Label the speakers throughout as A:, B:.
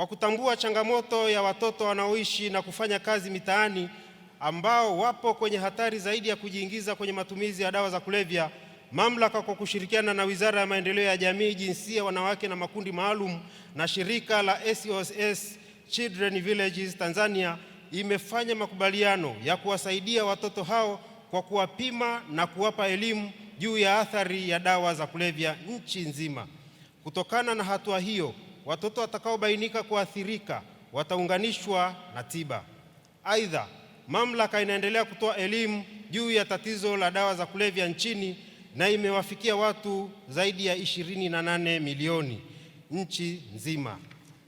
A: kwa kutambua changamoto ya watoto wanaoishi na kufanya kazi mitaani ambao wapo kwenye hatari zaidi ya kujiingiza kwenye matumizi ya dawa za kulevya, mamlaka kwa kushirikiana na Wizara ya Maendeleo ya Jamii, Jinsia, Wanawake na Makundi Maalum na shirika la SOS e Children Villages Tanzania imefanya makubaliano ya kuwasaidia watoto hao kwa kuwapima na kuwapa elimu juu ya athari ya dawa za kulevya nchi nzima. Kutokana na hatua hiyo watoto watakaobainika kuathirika wataunganishwa na tiba. Aidha, mamlaka inaendelea kutoa elimu juu ya tatizo la dawa za kulevya nchini na imewafikia watu zaidi ya 28 milioni nchi nzima.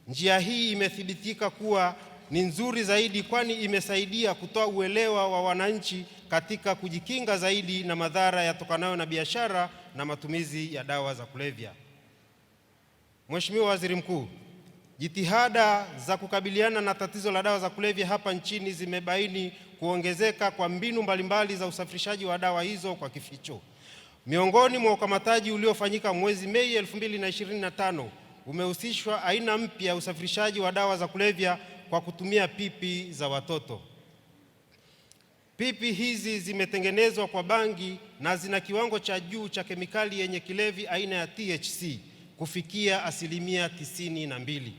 A: Njia hii imethibitika kuwa ni nzuri zaidi, kwani imesaidia kutoa uelewa wa wananchi katika kujikinga zaidi na madhara yatokanayo na biashara na matumizi ya dawa za kulevya. Mheshimiwa Waziri Mkuu, jitihada za kukabiliana na tatizo la dawa za kulevya hapa nchini zimebaini kuongezeka kwa mbinu mbalimbali za usafirishaji wa dawa hizo kwa kificho. Miongoni mwa ukamataji uliofanyika mwezi Mei 2025 umehusishwa aina mpya ya usafirishaji wa dawa za kulevya kwa kutumia pipi za watoto. Pipi hizi zimetengenezwa kwa bangi na zina kiwango cha juu cha kemikali yenye kilevi aina ya THC kufikia asilimia tisini na mbili.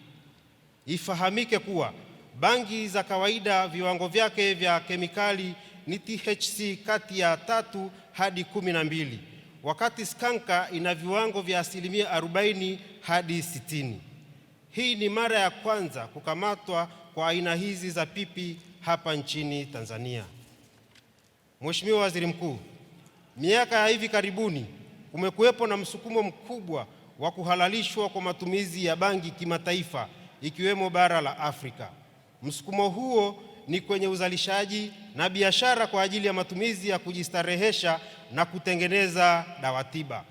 A: Ifahamike kuwa bangi za kawaida viwango vyake vya kemikali ni THC kati ya tatu hadi kumi na mbili, wakati skanka ina viwango vya asilimia arobaini hadi sitini. Hii ni mara ya kwanza kukamatwa kwa aina hizi za pipi hapa nchini Tanzania. Mheshimiwa Waziri Mkuu, miaka ya hivi karibuni kumekuwepo na msukumo mkubwa wa kuhalalishwa kwa matumizi ya bangi kimataifa ikiwemo bara la Afrika. Msukumo huo ni kwenye uzalishaji na biashara kwa ajili ya matumizi ya kujistarehesha na kutengeneza dawa tiba.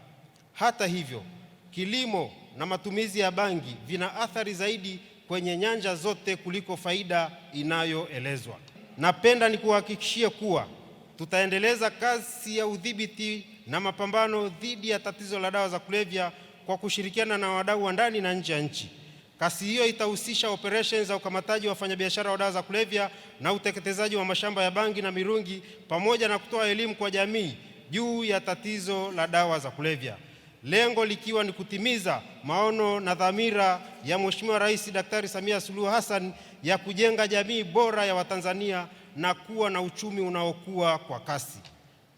A: Hata hivyo, kilimo na matumizi ya bangi vina athari zaidi kwenye nyanja zote kuliko faida inayoelezwa. Napenda nikuhakikishie kuwa tutaendeleza kasi ya udhibiti na mapambano dhidi ya tatizo la dawa za kulevya kwa kushirikiana na wadau wa ndani na nje ya nchi. Kasi hiyo itahusisha operations za ukamataji wa wafanyabiashara wa dawa za kulevya na uteketezaji wa mashamba ya bangi na mirungi pamoja na kutoa elimu kwa jamii juu ya tatizo la dawa za kulevya, lengo likiwa ni kutimiza maono na dhamira ya Mheshimiwa Rais Daktari Samia Suluhu Hassan ya kujenga jamii bora ya Watanzania na kuwa na uchumi unaokuwa kwa kasi.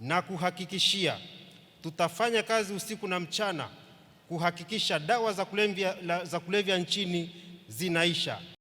A: Na kuhakikishia tutafanya kazi usiku na mchana kuhakikisha dawa za kulevya, za kulevya nchini zinaisha.